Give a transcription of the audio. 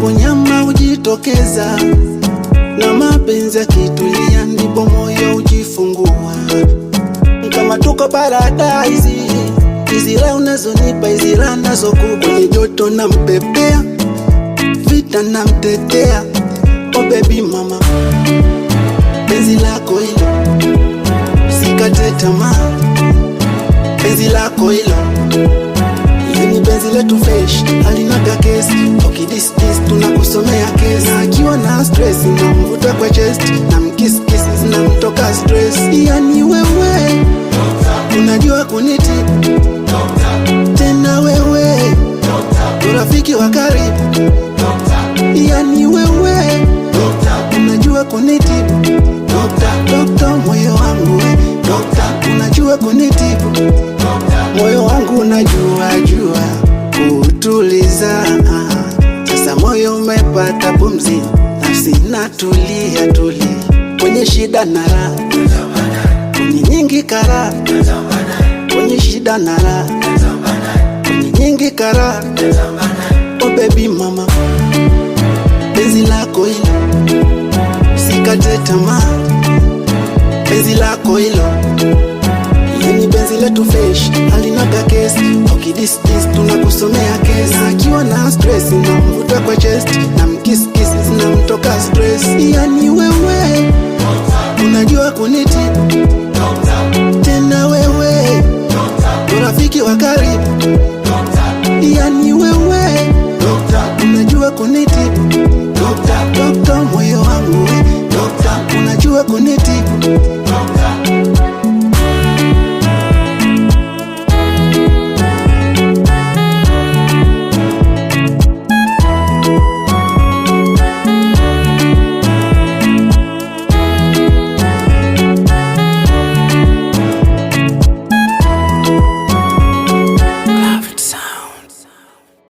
ndipo nyama ujitokeza na mapenzi yakitulia, ndipo moyo ujifungua Kama tuko paradise, hizi raha unazonipa hizi nazokupa, ni joto na mpepea, vita na mtetea. Oh baby mama, penzi lako hilo, usikate tamaa. Penzi lako hilo, hili penzi letu fresh stress, namvuta kwa chest, namkiss kisses, namtoka stress. Yani wewe unajua kuniti tena, wewe urafiki wa karibu, yani wewe unajua kuniti dokta, moyo wangu dokta, unajua kuniti moyo wangu, unajua jua kutuliza sasa moyo umepata pumzi sina tulia tuli kwenye shida na raha kwenye nyingi kara kwenye shida na raha kwenye nyingi kara o oh, baby mama bezi lako hilo sikate tamaa bezi lako hilo yeni bezi letu fesh halinaga kesi ukidisdis tunakusomea kesi akiwa na stress na mvuta kwa chest Dr. Grace, yani wewe unajua kuniti tena, wewe urafiki wa karibu, yani wewe unajua kuniti dokta, moyo wangu unajua kuniti